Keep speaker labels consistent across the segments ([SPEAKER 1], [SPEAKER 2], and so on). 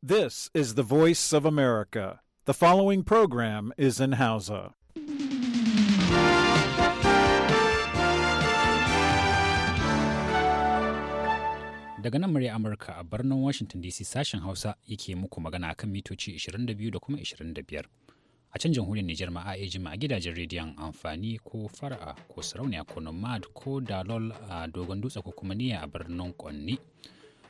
[SPEAKER 1] This is the voice of America. The following program is in Hausa.
[SPEAKER 2] Daga nan murya Amurka a birnin Washington DC sashen Hausa yake muku magana kan mitoci 22 da kuma 25. A can jamhuriyar Nijar ma a ejima a gidajen rediyon amfani ko fara'a ko sarauniya ko nomad ko dalol a dogon dutse ko kuma niyya a birnin Kwanni.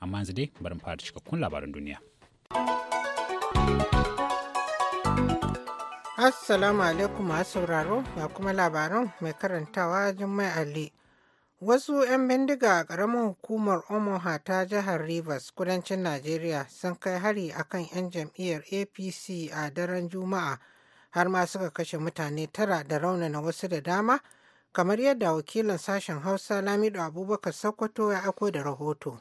[SPEAKER 2] amma yanzu dai bari fara cikakkun labaran duniya
[SPEAKER 1] assalamu alaikum masu sauraro ga kuma labaran mai karantawa jummai ali wasu 'yan bindiga a ƙaramin hukumar omoha ta jihar rivers kudancin najeriya sun kai hari a kan 'yan jam'iyyar apc a daren juma'a har ma suka kashe mutane tara da raunana wasu da dama kamar yadda wakilin sashen hausa lamido abubakar sokoto ya ako da rahoto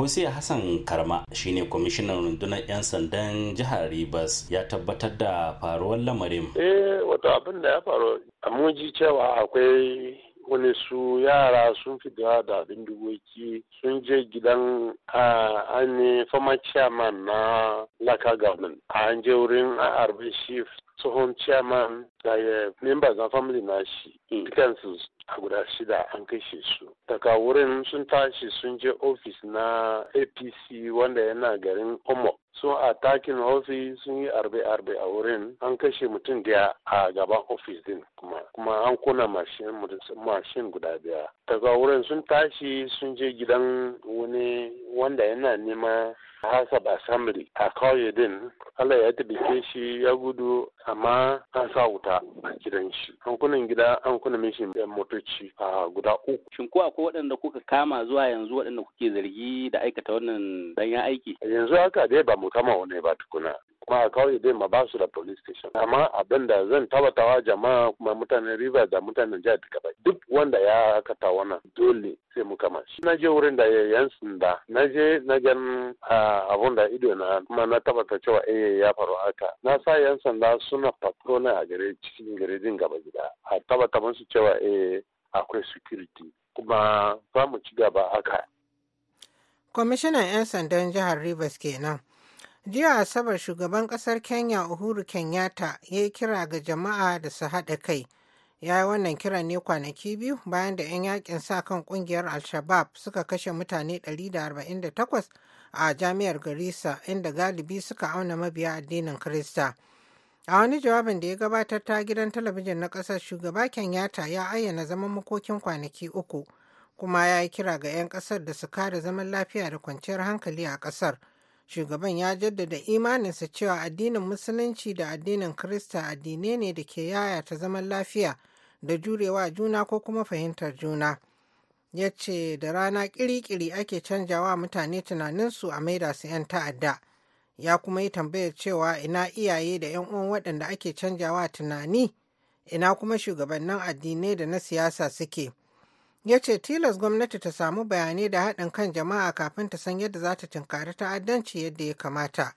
[SPEAKER 3] Hosiya Hassan Karma shine kwamishinan rundunar 'yan sandan jihar Rivers ya tabbatar da faruwar
[SPEAKER 4] lamarin. Eh wato abin da ya faru mun ji cewa akwai wani su yara sun fi da abin bindigoki sun je gidan an former chairman na laka government an je wurin a arbin shift tsohon chairman da ya memba za family na shi mm. dukansu a guda shida an kashe su daga wurin sun tashi sun je ofis na apc wanda yana garin omo sun atakin ofis sun yi arbe-arbe a wurin an kashe mutum daya a gaban ofis din kuma kuma an kuna mashin guda daya daga wurin sun tashi sun je gidan wani wanda yana nema House of Assembly a kauye din Allah ya tabbake shi ya gudu amma an sa wuta a gidan shi. An kunan gida an kuna mishi motoci a guda uku. Shin ko akwai waɗanda kuka kama zuwa yanzu waɗanda kuke zargi da aikata wannan danyen aiki? Yanzu haka dai ba mu kama wani ba tukuna. kuma a kauye dai ma ba su da police station amma abin da zan tabbatawa jama'a kuma mutanen river da mutanen jihar duka duk wanda ya kata wannan dole sai mu kama shi na je wurin da ya yan sanda na je na gan abun da ido na kuma na tabbata cewa eh ya faru haka na sa yan sanda suna patrolin a gare cikin garejin gaba gida a tabbata musu cewa eh akwai security kuma ba mu ci gaba haka
[SPEAKER 1] kwamishinan 'yan sandan jihar rivers kenan Jiya Asabar shugaban ƙasar Kenya Uhuru Kenyatta ya yi kira ga jama'a da su haɗa kai. Ya yi wannan kiran ne kwanaki biyu bayan da 'yan yakin sa kan ƙungiyar al shabab suka kashe mutane 148 a jami'ar Garissa inda galibi suka auna mabiya addinin Kirista. A wani jawabin da ya gabatar ta gidan talabijin na ƙasar shugaba Kenyatta ya ayyana zaman makokin kwanaki uku kuma ya yi kira ga 'yan ƙasar da su kare zaman lafiya da kwanciyar hankali a ƙasar. shugaban ya jaddada imaninsa cewa addinin musulunci da addinin kirista addinai ne da ke yaya ta zaman lafiya da jurewa juna ko kuma fahimtar juna ya ce da rana kiri-kiri ake canjawa mutane tunaninsu a maida su 'yan ta'adda ya kuma yi tambayar cewa ina iyaye da 'yan uwan waɗanda ake canjawa tunani ina kuma shugabannin addinai da na siyasa suke ya ce tilas gwamnati ta samu bayanai da haɗin kan jama'a kafin ta san yadda za ta tunkari ta'addanci yadda ya kamata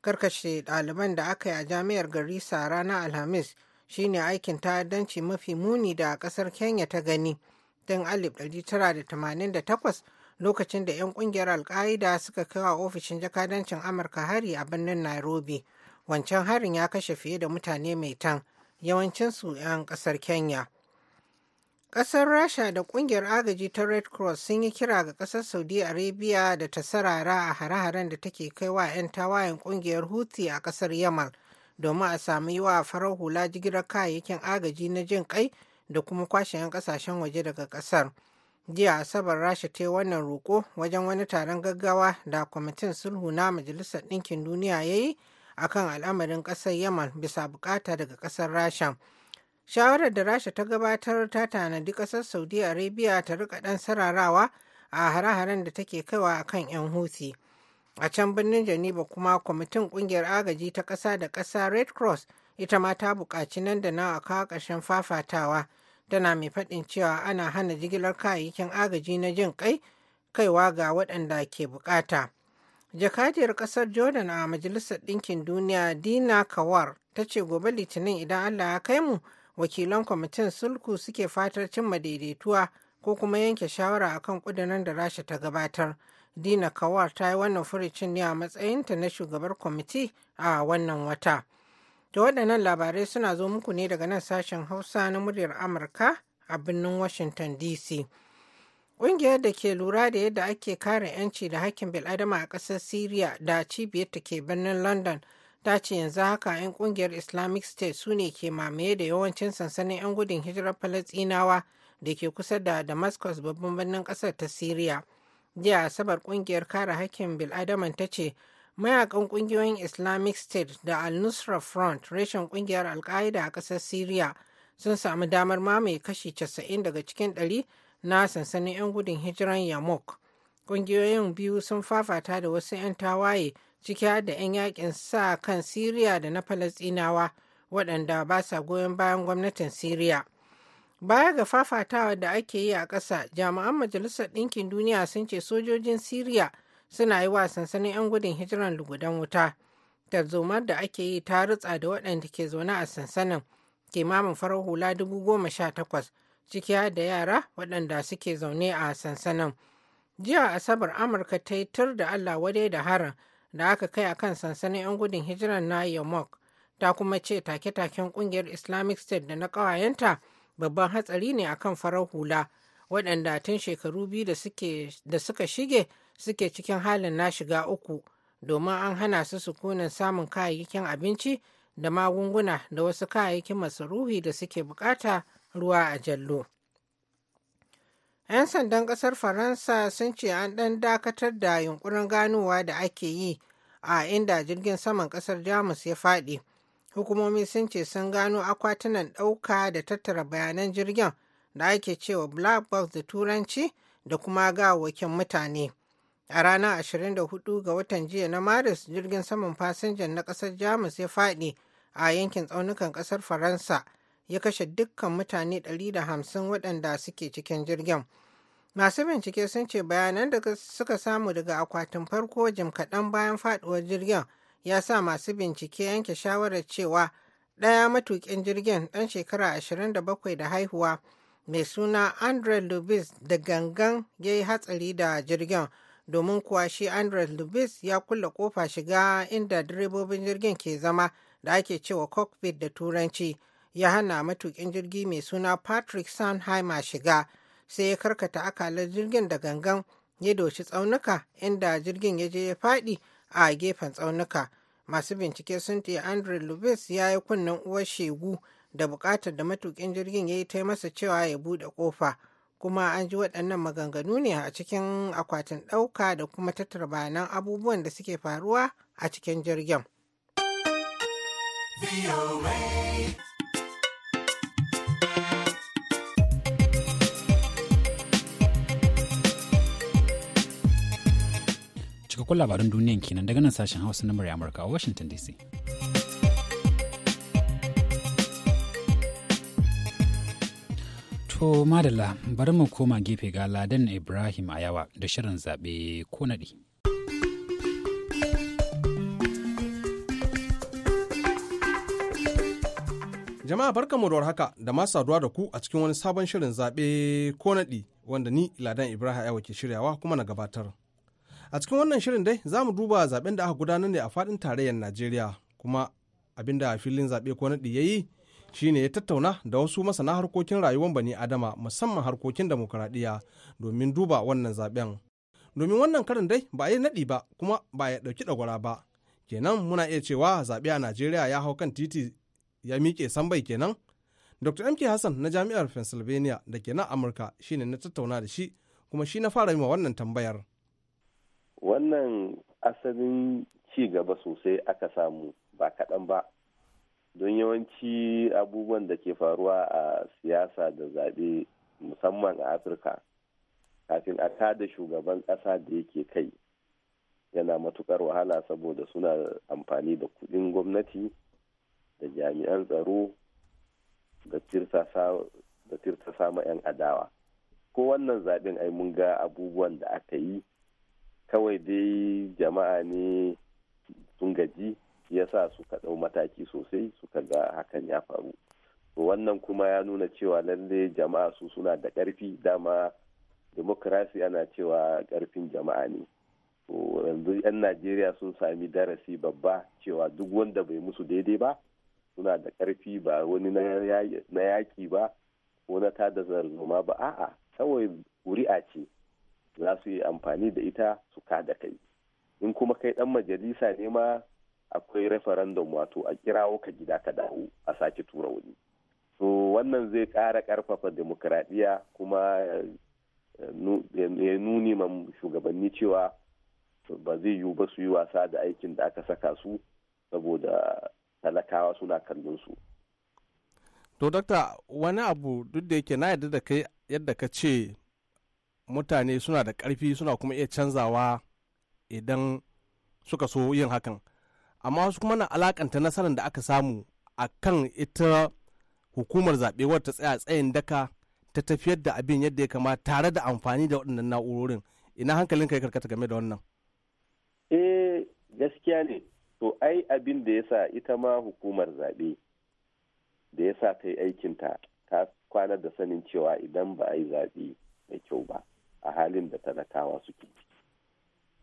[SPEAKER 1] karkashe ɗaliban da aka yi a jami'ar gari garissa ranar alhamis shine aikin ta'addanci mafi muni da ƙasar kenya ta gani tun 1988 lokacin da 'yan ƙungiyar alƙa'ida suka kai wa ofishin jakadancin amurka hari a birnin nairobi wancan harin ya kashe fiye da mutane mai tan yawancinsu 'yan ƙasar kenya Ƙasar Rasha da ƙungiyar agaji ta Red Cross sun yi kira ga ƙasar Saudi Arabia da ta sarara a hare-haren da take kaiwa 'yan tawayen ƙungiyar Houthi a ƙasar Yamal domin a samu yi wa farar hula jigilar kayayyakin agaji na jin kai da kuma kwashe 'yan ƙasashen waje daga ƙasar. Jiya Asabar Rasha ta yi wannan roƙo wajen wani taron gaggawa da kwamitin sulhu na Majalisar Ɗinkin Duniya ya yi akan al'amarin ƙasar Yamal bisa bukata daga ƙasar Rasha. shawarar da rasha ta gabatar ta tanadi kasar saudi arabia ta rika dan sararawa a hare-haren da take kaiwa a kan 'yan huthi a can birnin Janiba kuma kwamitin kungiyar agaji ta ƙasa da ƙasa red cross ita ma ta buƙaci nan da nawa a kawo ƙarshen fafatawa tana mai faɗin cewa ana hana jigilar kayayyakin agaji na jin kai kaiwa ga waɗanda ke buƙata jakadiyar ƙasar jordan a majalisar ɗinkin duniya dina kawar ta ce gobe litinin idan allah ya kai mu wakilan kwamitin sulku suke fatar cimma daidaituwa ko kuma yanke shawara a kan kudinan da rasha ta gabatar dina kawar ta yi wannan furicin ne a matsayinta na shugabar kwamiti a wannan wata da waɗannan labarai suna zo muku ne daga nan sashen hausa na muryar amurka a birnin washington dc Ƙungiyar da ke lura da yadda ake kare 'yanci da hakkin bil'adama a ƙasar Siriya da cibiyar ta ke birnin London ta ce yanzu haka 'yan kungiyar islamic state su ne ke mamaye da yawancin sansanin 'yan gudun hijirar falastinawa da ke kusa da damascus babban birnin kasar ta syria jiya asabar kungiyar kare hakkin bil'adaman ta ce mayakan kungiyoyin islamic state da al-nusra front reshen kungiyar al-qaida a kasar syria sun samu damar mamaye kashi 90 daga cikin 100 na sansanin 'yan gudun hijiran yamuk kungiyoyin biyu sun fafata da wasu 'yan tawaye ciki har da 'yan yakin sa kan Siriya da na Falasɗinawa waɗanda ba sa goyon bayan gwamnatin Siriya. Baya ga fafatawa da ake yi a ƙasa, jami'an Majalisar Ɗinkin Duniya sun ce sojojin Siriya suna yi wa sansanin 'yan gudun hijiran lugudan wuta. Tarzomar da ake yi ta rutsa da waɗanda ke zaune a sansanin kimamin farar hula dubu goma sha takwas ciki har da yara waɗanda suke zaune a sansanin. Jiya Asabar Amurka ta yi tur da Allah wadai da harin da aka kai a kan sansanin 'yan gudun hijirar na Yamok ta kuma ce take-taken kungiyar Islamic State da na ƙawayenta babban hatsari ne a kan farar hula waɗanda tun shekaru biyu da suka shige suke cikin halin na shiga uku domin an hana su sukunin samun kayayyakin abinci da magunguna da wasu kayayyakin masarufi da suke bukata ruwa a jallo. 'Yan sandan ƙasar Faransa sun ce an ɗan dakatar da yunkurin ganowa da ake yi a inda jirgin saman ƙasar Jamus ya faɗi. Hukumomi sun ce sun gano akwatunan ɗauka da tattara bayanan jirgin da ake cewa Black Box da Turanci da kuma gawakin mutane. A ranar 24 ga watan jiya na Maris, jirgin saman fasinjan na ƙasar Jamus ya faɗi a yankin tsaunukan ƙasar Faransa. ya kashe dukkan mutane 150 waɗanda suke cikin jirgin. Masu bincike sun ce bayanan da suka samu daga akwatin farko jim kaɗan bayan faɗuwar jirgin ya sa masu bincike yanke shawarar cewa ɗaya matuƙin jirgin ɗan shekara 27 da haihuwa mai suna Andre Lubis da gangan ya yi hatsari da jirgin domin kuwa shi Andre Lubis ya kulle kofa shiga inda direbobin jirgin ke zama da ake cewa cockpit da turanci. ya hana matukin jirgi mai suna Patrick Sanheimer shiga sai ya karkata akalar jirgin da gangan ya doshi tsaunuka inda jirgin ya je ya faɗi a gefen tsaunuka. Masu bincike sun ce Andre Lubis ya yi kunnen uwar shegu da buƙatar da matukin jirgin ya yi ta masa cewa ya buɗe ƙofa. kuma an ji waɗannan maganganu ne a cikin akwatin ɗauka da kuma tattara bayanan abubuwan da suke faruwa a cikin jirgin.
[SPEAKER 2] Cikakkun labarin duniyan kenan daga nan sashen Hausa na murya Amurka a Washington DC. To madalla bari mu koma gefe ga Ladan Ibrahim Ayawa da shirin zaɓe ko naɗi.
[SPEAKER 5] Jama'a barkanmu da haka da masu saduwa da ku a cikin wani sabon shirin zaɓe ko naɗi wanda ni Ladan Ibrahim Aiwa ke shiryawa kuma na gabatar. A cikin wannan shirin dai za mu duba zaɓen da aka gudanar ne a faɗin tarayyar Najeriya kuma abin da filin zaɓe ko naɗi ya yi shine ya tattauna da wasu masana harkokin rayuwar bani adama musamman harkokin demokuraɗiyya domin duba wannan zaɓen. Domin wannan karin dai ba a yi naɗi ba kuma ba ya ɗauki ɗagwara ba. Kenan muna iya cewa zaɓe a Najeriya ya hau kan titi ya miƙe sambai kenan dr mk hassan na jami'ar pennsylvania da ke nan amurka shine na tattauna da shi kuma shi na fara yi wannan tambayar
[SPEAKER 6] wannan asalin ci gaba sosai aka samu ba kaɗan ba don yawanci abubuwan da ke faruwa a siyasa da zaɓe musamman a afirka kafin a kada shugaban ƙasa da yake kai yana matukar wahala saboda suna amfani da kuɗin gwamnati da jami'an tsaro da tirta sama 'yan adawa ko wannan zaɓen ai mun ga abubuwan da aka yi kawai dai jama'a ne sun gaji ya sa suka ɗau mataki sosai suka ga hakan ya faru to wannan kuma ya nuna cewa lalle jama'a su suna da ƙarfi dama demokrasi ana cewa ƙarfin jama'a ne yanzu 'yan najeriya sun sami darasi babba cewa duk wanda bai musu daidai ba suna da ƙarfi ba wani na yaƙi ba ko na tada zarzuma ba a'a kawai ƙuri'a ce za su yi amfani da ita su da kai in kuma kai ɗan majalisa ne ma akwai referendum wato a kirawo ka gida ka dawo a sake tura wani so wannan zai ƙara ƙarfafa demokradiyya kuma eh, ya nuni ma shugabanni cewa ba zai yiwu ba su yi wasa da aikin da aka saka su saboda talakawa suna kallon su
[SPEAKER 5] to dakta wani abu duk da yake na yadda da kai yadda ka ce mutane suna da ƙarfi suna kuma iya canzawa idan suka so yin hakan amma wasu kuma na alakanta nasarar da aka samu a kan ita hukumar zaɓe wata tsaya tsayin daka ta tafiyar da abin yadda ya kama tare da amfani da waɗannan na'urorin ina hankalin ka ya karkata game da wannan
[SPEAKER 6] eh gaskiya ne to ai abin da ya sa ita ma hukumar zaɓe da ya sa ta yi aikinta ta kwana da sanin cewa idan ba a yi zaɓe mai kyau ba a halin da talakawa suke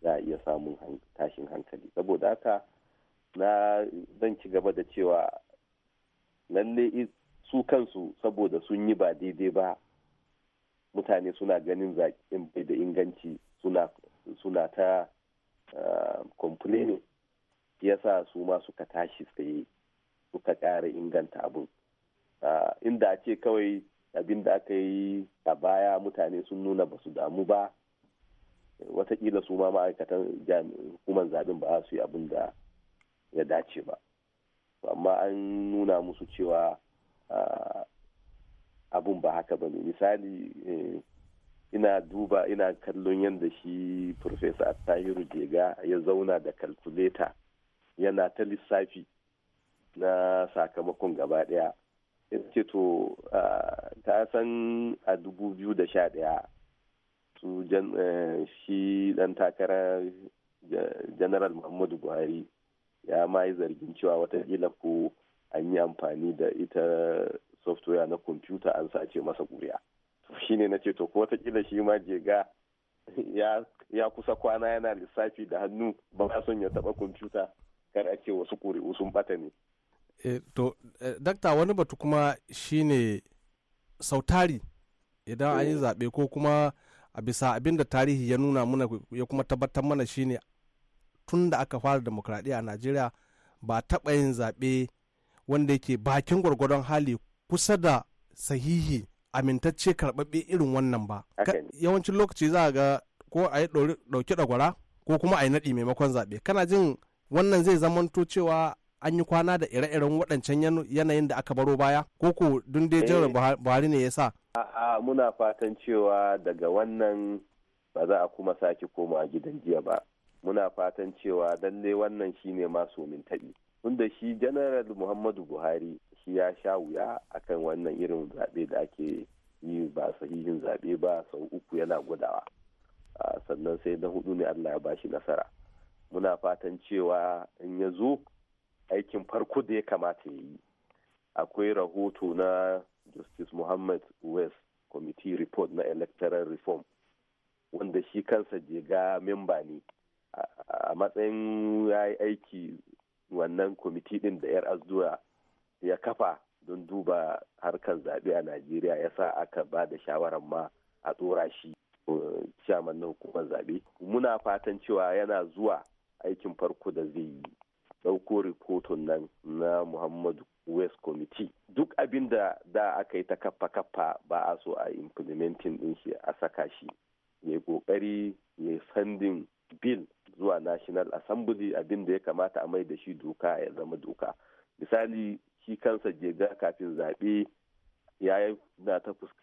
[SPEAKER 6] za a iya samun tashin hankali saboda haka na zan ci gaba da cewa lalle su kansu saboda sun yi ba daidai ba mutane suna ganin zaƙin bai da inganci suna ta ah, complaining yasa su ma suka tashi tsaye suka ƙara inganta abin inda a ce kawai abin da aka yi a baya mutane sun nuna ba su damu ba watakila su ma ma'aikatan hukumar zaɓen ba su yi abin da ya dace ba amma an nuna musu cewa abun ba haka ba ne misali eh, ina duba ina kallon yadda shi profesa attahiru jega ya zauna da kalkuleta yana ta lissafi na sakamakon gaba ɗaya ce to ta san a 2011 su eh, shi dan takara general muhammadu buhari ya ma yi zargin cewa watakila ko an yi amfani da ita software na kwamfuta an sace masa kuri'a shi ne na ce to ko watakila shi ma jega ya kusa kwana yana lissafi da hannu ba son ya taba kwamfuta kar a ce wasu ƙuri'u sun bata ne.
[SPEAKER 5] Eh, to, eh, dakta wani batu kuma shine sautari idan an yi eh. zaɓe ko kuma a bisa abin da tarihi ya nuna muna ya kuma tabbatar mana shine tun da aka fara demokradiyya a Najeriya ba taɓa yin zaɓe wanda yake bakin gwargwadon hali kusa da sahihi amintacce karɓaɓɓe irin wannan ba. Yawancin lokaci za a ga ko a yi ɗauki ɗagwara ko kuma a yi naɗi maimakon zaɓe. Kana jin wannan zai zamanto cewa an yi kwana da ire-iren waɗancan yanayin da aka baro baya ko ko dun dai eh. buhari ne ya sa
[SPEAKER 6] a'a muna fatan cewa daga wannan ba za a kuma sake koma a gidan jiya ba muna fatan cewa lalle wannan shine maso min taɓi tunda shi general muhammadu buhari shi ya sha wuya akan wannan irin zaɓe da ake yi ba sahihin zaɓe ba sau uku yana gudawa sannan sai na hudu ne allah ya bashi nasara muna fatan cewa in ya zo aikin farko da ya kamata ya yi akwai rahoto na justice muhammad west committee report na electoral reform wanda shi kansa je ga memba ne a matsayin ya yi aiki wannan kwamiti din da yar azdura ya kafa don duba harkar zaɓe a najeriya ya sa aka ba da shawarar ma a tsora shi uh, chairman na hukumar zaɓe muna fatan cewa yana zuwa aikin farko da zai yi ɗauko rikoton nan na muhammadu west committee duk abin da da aka yi ta kafa kafa ba a so a implementing din shi a saka shi ya yi kokari ya sandin bill zuwa national assembly abin da ya kamata a mai da shi doka ya zama doka misali shi kansa jega kafin zaɓe ya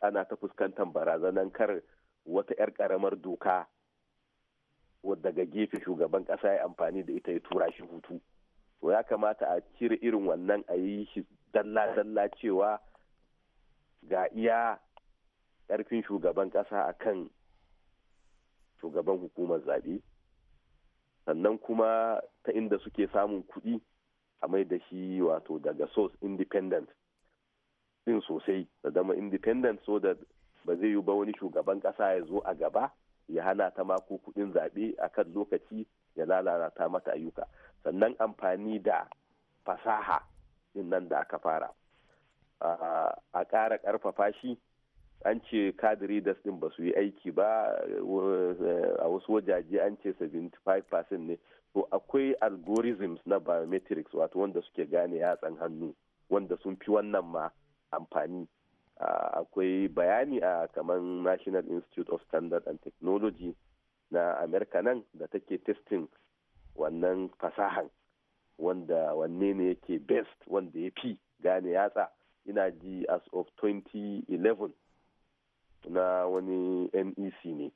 [SPEAKER 6] ana ta fuskantar barazanan kar wata 'yar ƙaramar doka wadda daga gefe shugaban kasa ya amfani da ita ya tura shi hutu to ya kamata a cire irin wannan a yi shi dalla-dalla cewa ga iya ƙarfin shugaban ƙasa a kan shugaban hukumar zaɓe sannan kuma ta inda suke samun kuɗi a mai da shi wato daga source independent din sosai da zama independent so da ba zai yi ba wani shugaban ƙasa ya zo a gaba ya hana ta ma ko kuɗin zaɓe a kan lokaci ya lalata mata ayyuka sannan amfani da fasaha din nan da aka fara a ƙara ƙarfafa shi an ce kadiri das din ba su yi aiki ba eh, a wasu wajaje an ce 75% ne to akwai algorithms na biometrics wato wanda suke gane yatsan hannu wanda sun fi wannan ma amfani akwai bayani a kamar national institute of standard and technology na america nan da take testing wannan fasahan wanda wanne ne yake best wanda ya fi gane yatsa ina ji as of 2011 na wani nec ne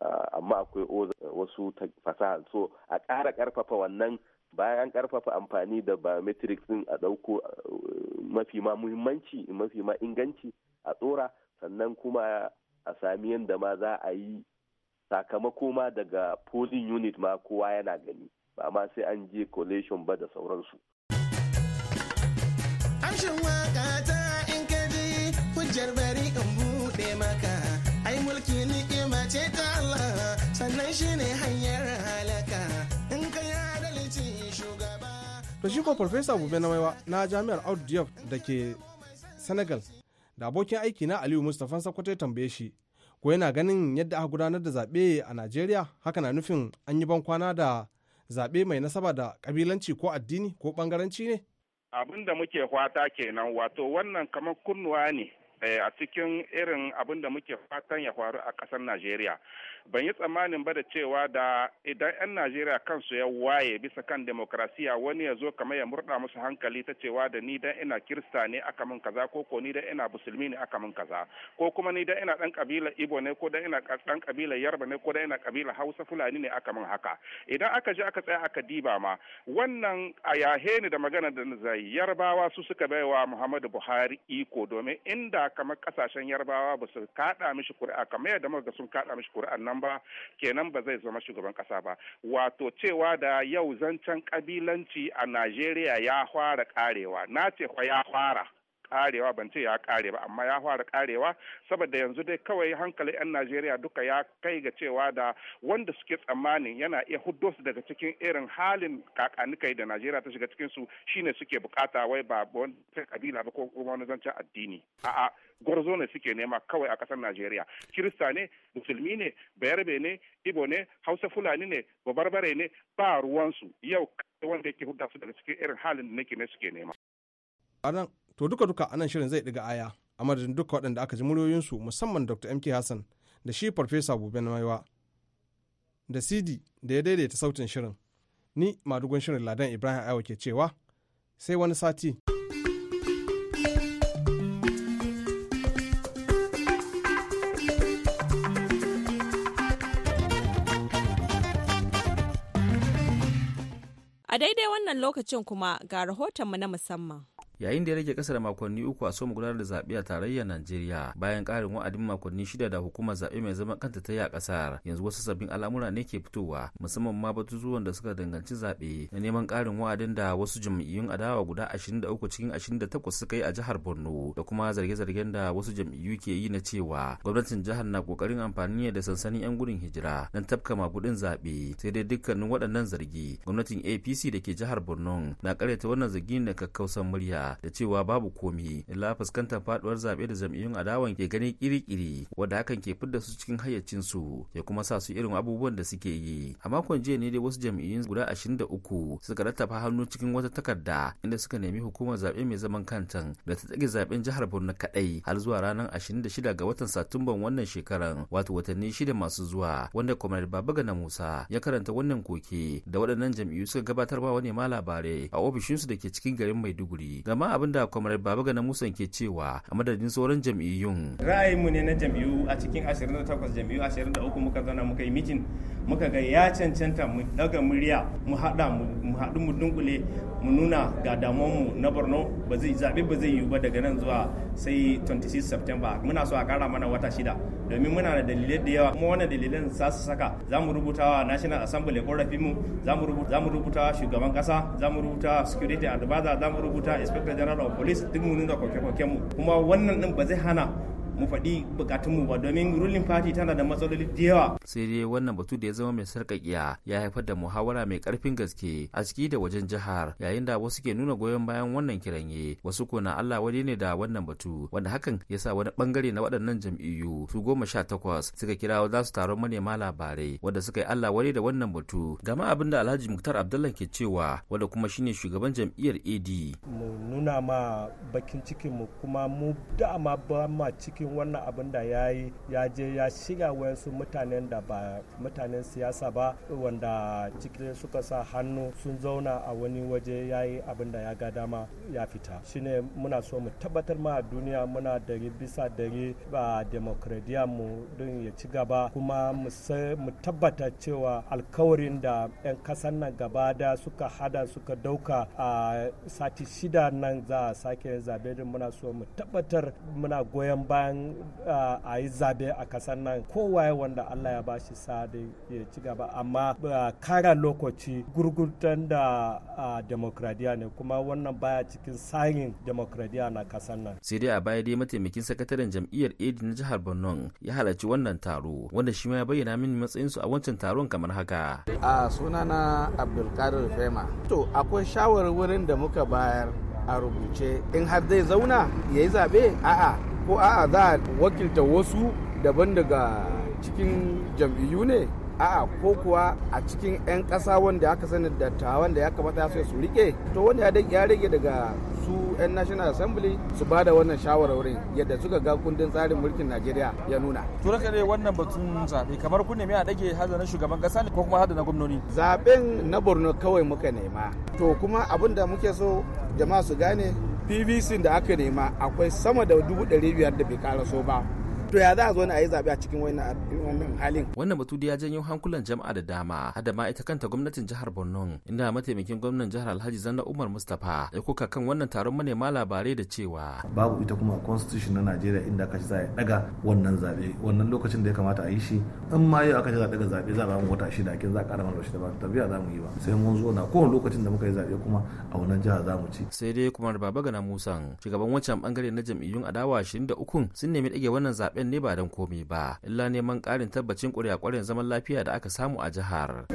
[SPEAKER 6] ah, amma akwai wasu fasahan so a ƙara ƙarfafa wannan bayan an karfafa amfani da biometrics din a dauko mafi ma muhimmanci mafi ma inganci a tsora sannan kuma a sami yadda ma za a yi sakamako ma daga polling unit ma kowa yana gani ba ma sai an je collation ba da sauransu.
[SPEAKER 7] Amshin in
[SPEAKER 5] ka in buɗe maka ai mulki ni'ima ce ta Allah sannan shine hanyar to shi ko farfesa bube na maiwa na jami'ar audu da ke senegal da abokin aiki na aliyu mustapha sakwato ya tambaye shi ko yana ganin yadda aka gudanar da zaɓe a najeriya haka na nufin an yi ban kwana da zaɓe mai nasaba da ƙabilanci ko addini ko ɓangaranci ne
[SPEAKER 8] abin da muke fata kenan wato wannan kamar kunnuwa ne Eh, a cikin irin abin da muke fatan ya faru a ƙasar Najeriya. Ban yi tsammanin ba da cewa da idan 'yan Najeriya kansu ya waye bisa kan demokrasiya wani ya zo kamar ya murɗa musu hankali ta cewa da ni dan ina kirista ne aka min kaza ko ko ni dan ina musulmi ne aka min kaza ko kuma ni dan ina dan kabila Ibo ne ko dan ina dan kabila Yarba ne ko dan ina kabila Hausa Fulani ne aka min haka. Idan aka je aka tsaya aka diba ma wannan a yahe ni da magana da zai Yarbawa su suka baiwa Muhammadu Buhari iko domin inda kamar kasashen yarbawa ba su kaɗa mishi kuri'a kamar yadda muka sun kaɗa mishi kuri'an nan ba kenan ba zai zama shugaban ƙasa ba wato cewa da yau zancen kabilanci a najeriya ya fara ƙarewa na ce ya fara karewa ban ce ya kare ba amma ya fara karewa saboda yanzu dai kawai hankalin 'yan najeriya duka ya kai ga cewa da wanda suke tsammanin yana iya huddo su daga cikin irin halin kakanikai da najeriya ta shiga cikin su shine suke bukata wai ba wani kabila ba ko kuma wani zancen addini a'a gwarzo ne suke nema kawai a kasar najeriya kirista ne musulmi ne bayarbe ne ibo ne hausa fulani ne babarbare ne ba ruwansu yau wanda yake hudda su daga cikin irin halin da nake ne suke nema
[SPEAKER 5] to duka duka anan shirin zai ɗiga aya a madadin duka waɗanda aka ji muryoyinsu musamman dr mk hassan da shi farfesa gobe maiwa da cd da ya daidaita sautin shirin ni madugun shirin ladan ibrahim aiwa ke cewa sai wani sati
[SPEAKER 1] A daidai wannan lokacin kuma ga rahotonmu na musamman.
[SPEAKER 3] yayin da ya rage kasa da makonni uku a soma gudanar da zaɓe a tarayyar Najeriya bayan ƙarin wa'adin makonni shida da hukumar zaɓe mai zama kanta ta yi a ƙasar yanzu wasu sabbin al'amura ne ke fitowa musamman ma batutuwan da suka danganci zaɓe na neman ƙarin wa'adin da wasu jam'iyyun adawa guda 23 cikin 28 suka yi a jihar Borno da kuma zarge-zargen da wasu jam'iyyu ke yi na cewa gwamnatin jihar na kokarin amfani da sansanin 'yan gudun hijira don tafka makudin zaɓe sai dai dukkanin waɗannan zargi gwamnatin APC da ke jihar Borno na karyata wannan zargin da kakkausan murya da cewa babu komi illa fuskantar faduwar zaɓe da jam'iyyun adawan ke ganin kiri-kiri wadda hakan ke fidda su cikin hayyacin su ya kuma sa su irin abubuwan da suke yi a makon jiya ne dai wasu jam'iyyun guda 23 suka rattafa hannu cikin wata takarda inda suka nemi hukumar zaɓe mai zaman kantan da ta tsage zaɓen jihar Borno kaɗai har zuwa ranar shida ga watan Satumban wannan shekaran wato watanni shida masu zuwa wanda Kwamar na Musa ya karanta wannan koke da waɗannan jam'iyyu suka gabatarwa wani ma labarai a ofishinsu da ke cikin garin Maiduguri game amma abin da kwamar baba ga musan ke cewa a madadin sauran jam'iyyun
[SPEAKER 7] ra'ayinmu ne na jam'iyyu a cikin 28 jam'iyyu 23 muka zana muka yi mitin muka ga ya cancanta mu daga murya mu haɗa mu haɗu mu dunkule mu nuna ga damuwanmu na borno ba zai zaɓe ba zai yiwu ba daga nan zuwa sai 26 september muna so a kara mana wata shida domin muna da dalilai da yawa kuma wannan dalilan za su saka za mu rubuta wa national assembly korafin mu za mu rubuta shugaban kasa za mu rubuta security advisor za mu rubuta inspector federal of Police duk mu nuna koke mu kuma wannan din ba zai hana mu faɗi bukatunmu ba domin ruling party tana da matsaloli da
[SPEAKER 3] yawa. sai dai wannan batu da ya zama mai sarƙaƙiya ya haifar da muhawara mai ƙarfin gaske a ciki da wajen jihar yayin da wasu ke nuna goyon bayan wannan kiranye wasu ko na Allah wani ne da wannan batu wanda hakan ya sa wani bangare na waɗannan jam'iyyu su goma sha takwas suka kira za su taron manema labarai wanda suka yi Allah wani da wannan batu gama abin da Alhaji Muktar Abdullahi ke cewa wanda kuma shine shugaban jam'iyyar AD.
[SPEAKER 6] Mu nuna ma bakin cikinmu kuma mu dama ba ma ciki cikin wannan abin da ya yi ya je ya shiga wayansu mutanen da ba mutanen siyasa ba wanda cikin suka sa hannu sun zauna a wani waje ya yi abin da ya ga dama ya fita shine muna so mu tabbatar ma a duniya muna dari bisa dari ba demokradiyya mu din ya ci gaba kuma mu tabbata cewa alkawarin da 'yan kasan nan gaba da suka hada suka dauka a sati shida nan za a sake zabe muna so mu tabbatar muna goyon bayan bayan a yi zabe a kasar nan kowaye wanda Allah ya bashi sa'ada ya ci gaba amma kara lokaci gurgurtan da demokradiya ne kuma wannan baya cikin tsarin demokradiya na kasar nan
[SPEAKER 3] sai dai a baya dai mataimakin sakataren jam'iyyar ed na jihar Borno ya halarci wannan taro wanda shi ma ya bayyana mini matsayinsu a wancan taron kamar haka
[SPEAKER 5] a sunana Abdulkadir Fema to akwai shawarwarin da muka bayar a rubuce in har zai zauna ya yi zaɓe a'a ko a'a za a wakilta wasu daban daga cikin jam'iyyu ne a'a ko kuwa a cikin 'yan ƙasa wanda aka sani dattawan da ya kamata sai su rike to wanda ya rage daga su 'yan national assembly
[SPEAKER 3] su ba da wannan shawarwarin yadda suka ga kundin tsarin mulkin najeriya ya nuna raka ne wannan batun zaɓe kamar kunne nemi a ɗage hada na shugaban ƙasa ne ko kuma hada na gwamnoni zaɓen na
[SPEAKER 5] borno
[SPEAKER 7] kawai muka nema to kuma abin da muke so jama'a su gane pvc da
[SPEAKER 3] aka nema akwai sama da 500 da bai karaso ba
[SPEAKER 7] to ya za a zo na a yi zaɓe a cikin wannan
[SPEAKER 3] halin. Wannan batu da ya janyo hankulan jama'a da dama hada ma ita kanta gwamnatin jihar Borno inda mataimakin gwamnan jihar Alhaji Zanna Umar Mustapha ya kuka kan wannan taron manema labarai da cewa.
[SPEAKER 5] Babu ita kuma constitution na Najeriya inda aka ce za a daga wannan zaɓe wannan lokacin da ya
[SPEAKER 3] kamata a yi shi in ma yau aka ce za a daga zaɓe za a bamu wata shida kin za a ƙara mana da ba tafiya za mu yi ba sai mun zo na kowane lokacin da muka yi zaɓe kuma a wannan jihar za mu ci. Sai dai kuma Baba Gana Musan shugaban wancan bangare na jam'iyyun adawa 23 sun nemi ɗage wannan zaɓe zaben ne ba don komi ba illa neman karin tabbacin ƙuri'a ƙwarin zaman lafiya da aka samu a jihar.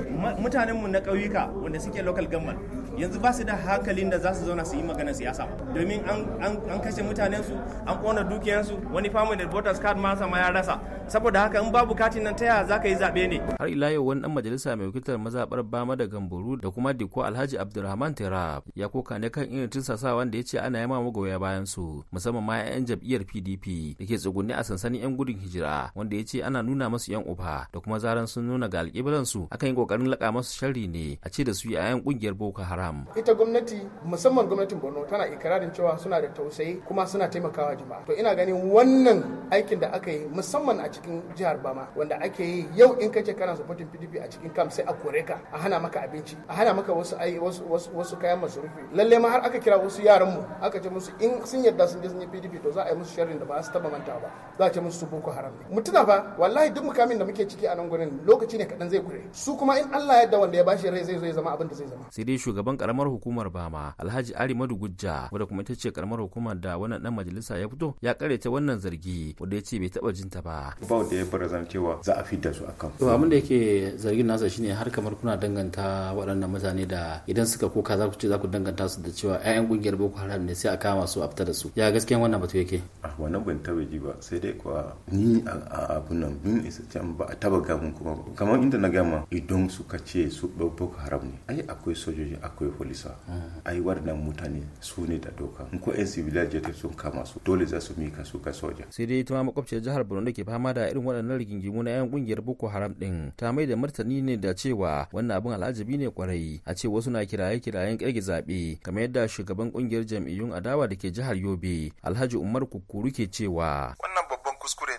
[SPEAKER 7] Mutanenmu na ƙauyuka wanda suke local government yanzu ba su da hankalin da za su zauna su yi magana siyasa domin an kashe mutanensu an ƙona su wani family da voters card ma sama ya rasa saboda haka in
[SPEAKER 3] babu katin nan ta za ka yi zaɓe ne. Har ila yau wani dan majalisa mai wakiltar mazaɓar Bama da Gamburu da kuma Diko Alhaji Abdulrahman Terab ya koka ne kan irin tunsasawa wanda ya ce ana yama magoya bayan su musamman ma 'yan jam'iyyar PDP da ke tsugunni a sansanin tsakanin 'yan gudun hijira wanda ya ce ana nuna masu 'yan uba da kuma zaran sun nuna ga su akan yi ƙoƙarin laƙa masu sharri ne a ce da su yan ƙungiyar Boko Haram.
[SPEAKER 7] Ita gwamnati musamman gwamnatin Borno tana ikirarin cewa suna da tausayi kuma suna taimakawa jama'a. To ina ganin wannan aikin da aka yi musamman a cikin jihar Bama wanda ake yi yau in kace kana supporting PDP a cikin kam sai a kore ka a hana maka abinci a hana maka wasu ai wasu wasu kayan masarufi. Lalle ma har aka kira wasu yaran mu aka ce musu in sun yarda sun je sun yi PDP to za a yi musu sharrin da ba su taba mantawa ba. Za a ce mu su boko haram ne mutuna fa wallahi duk mukamin da muke ciki a nan gurin lokaci ne kadan zai kure su kuma in Allah da wanda ya bashi rai zai zo ya zama abin da zai zama
[SPEAKER 3] sai dai shugaban karamar hukumar Bama Alhaji Ali gujja wanda kuma ita ce karamar hukumar da wannan dan majalisa ya fito ya ta wannan zargi wanda ya ce bai taba jinta ba ba wanda ya
[SPEAKER 6] barazan cewa za a fidda su akan to abin da
[SPEAKER 3] yake zargin nasa shine har kamar kuna danganta waɗannan mutane da idan suka koka za ku ce za ku danganta su da cewa 'ya'yan kungiyar boko haram ne sai a kama su a fita da su
[SPEAKER 6] ya gaskiyan wannan batu yake ah, wannan ban taba ba sai dai kuwa cewa ni a abun nan bin isa can ba a taba gamun kuma ba kamar inda na gama idan suka ce su boko haram ne ai akwai sojoji akwai polisa ai waɗannan mutane su ne da doka in ko yan sivila jet sun kama su dole za su mika su ka soja
[SPEAKER 3] sai dai ita ma makwabciyar jihar Borno da ke fama da irin waɗannan rigingimu na yan kungiyar boko haram ɗin. ta mai da martani ne da cewa wannan abin al'ajabi ne kwarai a ce wasu na kiraye-kirayen kirgi zaɓe kamar yadda shugaban kungiyar jam'iyyun adawa da ke jihar Yobe Alhaji Umar kukuru ke cewa
[SPEAKER 7] wannan óculos escurecem.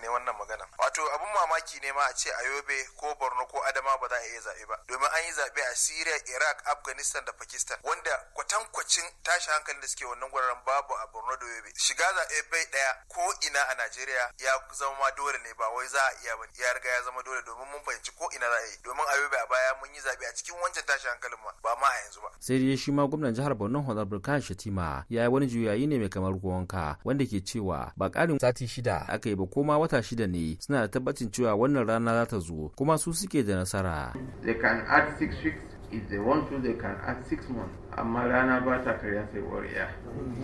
[SPEAKER 7] mamaki ne ma a ce a yobe ko borno ko adama ba za a iya zaɓe ba domin an yi zaɓe a syria iraq afghanistan da pakistan wanda kwatankwacin tashi hankali da suke wannan guraren babu a borno da yobe shiga zaɓe bai ɗaya ko ina a najeriya ya zama ma dole ne ba wai za a iya bane ya riga ya zama dole domin mun fahimci ko ina za a yi domin a yobe a baya mun yi zaɓe a cikin wancan tashi hankalin ma
[SPEAKER 3] ba ma a yanzu ba sai dai shi ma gwamnan jihar borno honorable burkan shatima ya yi wani juyayi ne mai kamar ruwanka wanda ke cewa ba ƙarin sati shida aka yi ba ma wata shida ne suna da tabbacin cewa wannan rana za ta zo kuma su suke da nasara. They
[SPEAKER 5] can add six weeks if they want to they
[SPEAKER 7] can add six months. amma rana ba ta karya sai wariya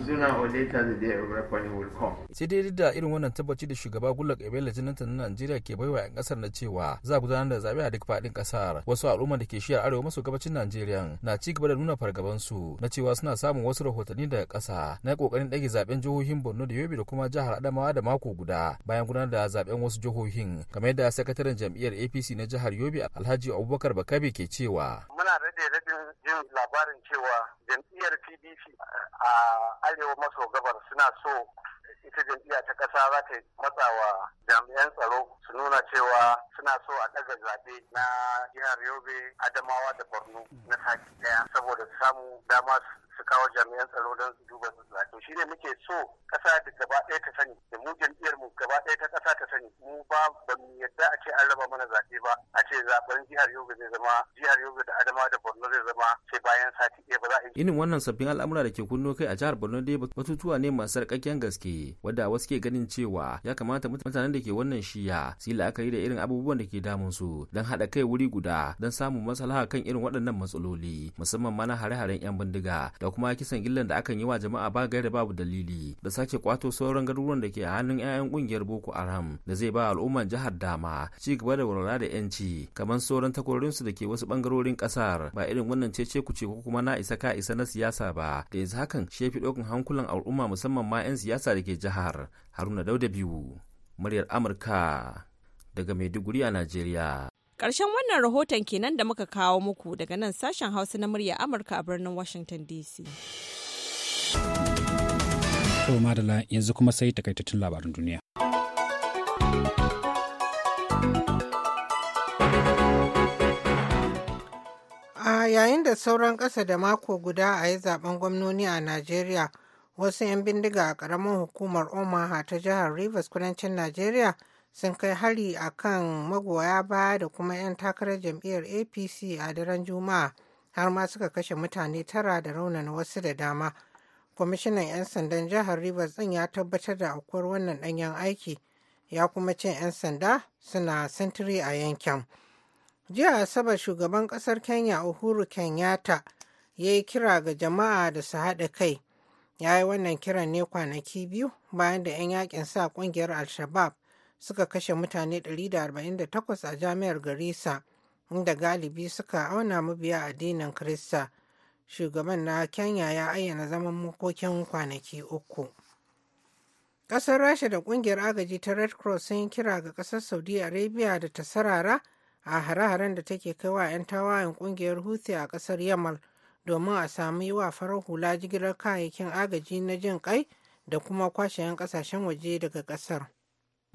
[SPEAKER 7] suna or later the day
[SPEAKER 8] a will come
[SPEAKER 3] sai dai da irin wannan tabbaci da shugaba gullak ebele jinatan na najeriya ke baiwa yan kasar na cewa za a gudanar da zaɓe a duk fadin kasar wasu al'umma da ke shiyar arewa maso gabacin nigeria na ci gaba da nuna fargaban su na cewa suna samun wasu rahotanni daga kasa na kokarin ɗage zaben jihohin borno da yobe da kuma jihar adamawa da mako guda bayan gudanar da zaben wasu jihohin kamar yadda sakataren jam'iyyar apc na jihar yobe alhaji abubakar bakabe ke cewa muna rage
[SPEAKER 5] rage jin labarin cewa jam'iyyar pdp a arewa maso gabar suna so ita jam'iyya ta ƙasa za ta matsawa jami'an tsaro su nuna cewa suna so a ɗaga zaɓe na jihar yobe adamawa da borno na sati ɗaya saboda samu dama su kawo jami'an tsaro don su duba su to shi ne muke so kasa da gaba ɗaya ta sani da mu jam'iyyar mu gaba ɗaya ta kasa ta sani mu ba ba mu yadda a ce an raba mana zaɓe ba a ce zaɓen jihar Yobe zai zama jihar Yobe da Adama da Borno zai zama sai bayan sati
[SPEAKER 3] ɗaya ba za a yi. Irin wannan sabbin al'amura da ke kunno kai a jihar Borno dai batutuwa ne masu sarƙaƙƙen gaske wadda wasu ke ganin cewa ya kamata mutanen da ke wannan shiya su yi la'akari da irin abubuwan da ke damun su don haɗa kai wuri guda don samun maslaha kan irin waɗannan matsaloli musamman mana hare-haren 'yan bindiga da kuma kisan gillan da akan yi wa jama'a ba gaira babu dalili da sake kwato sauran garuruwan da ke a hannun 'ya'yan kungiyar boko haram da zai ba al'umman jihar dama ci gaba da walwala da 'yanci kamar sauran takwarorinsu da ke wasu bangarorin kasar ba irin wannan cece ce ko kuma na isa ka isa na siyasa ba da yanzu hakan shefi ɗaukan hankulan al'umma musamman ma 'yan siyasa da ke jihar haruna dauda biyu muryar amurka daga maiduguri a najeriya
[SPEAKER 1] karshen wannan rahoton kenan da muka kawo muku daga nan sashen Hausa na murya Amurka a birnin Washington DC.
[SPEAKER 2] To Madala yanzu kuma sai takaitattun labarin duniya.
[SPEAKER 1] A yayin da sauran ƙasa da mako guda a yi zaben gwamnoni a Najeriya, wasu 'yan bindiga a ƙaramin hukumar Omaha ta jihar Rivers kudancin Najeriya sun kai hari a kan magoya baya da kuma 'yan takarar jam'iyyar apc a daren juma'a har ma suka kashe mutane tara da raunana wasu da dama kwamishinan 'yan sandan jihar rivers din ya tabbatar da aukuwar wannan danyen aiki ya kuma ce 'yan sanda suna sintiri a yankin jiya asabar shugaban kasar kenya uhuru kenyatta ya yi kira ga jama'a da su haɗa kai ya yi wannan kiran ne kwanaki biyu bayan da 'yan yakin sa ƙungiyar al-shabab suka kashe mutane 148 a jami'ar Garissa inda galibi suka auna mabiya addinin Kirista. Shugaban na Kenya ya ayyana zaman makokin kwanaki uku. Ƙasar Rasha da ƙungiyar agaji ta Red Cross sun yi kira ga ƙasar Saudi Arabia da ta sarara a hare-haren da take kai wa 'yan tawayen ƙungiyar Houthi a ƙasar Yamal domin a samu yi wa farar hula jigilar kayayyakin agaji na jin kai da kuma kwashe 'yan ƙasashen waje daga ƙasar.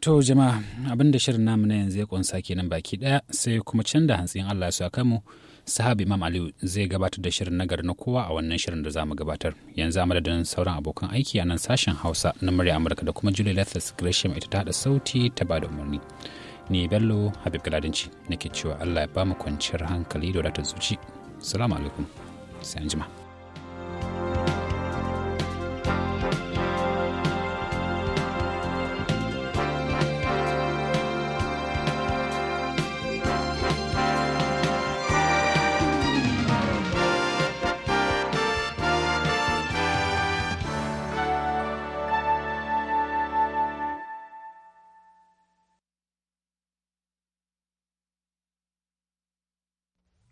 [SPEAKER 2] To jama'a abin da shirin namu na yanzu ya kunsa kenan baki daya sai kuma can da hantsin Allah su kanmu sahabi Imam Aliyu zai gabatar da shirin nagari na kowa a wannan shirin da zamu gabatar. Yanzu amma da sauran abokan aiki a nan sashen Hausa na murya Amurka da kuma Julie Lethas Gresham ita ta hada sauti ta ba da umarni. Ni Bello Habib Galadinci nake cewa Allah ya bamu kwanciyar hankali da wadatar zuci. Salamu alaikum. Sai anjima.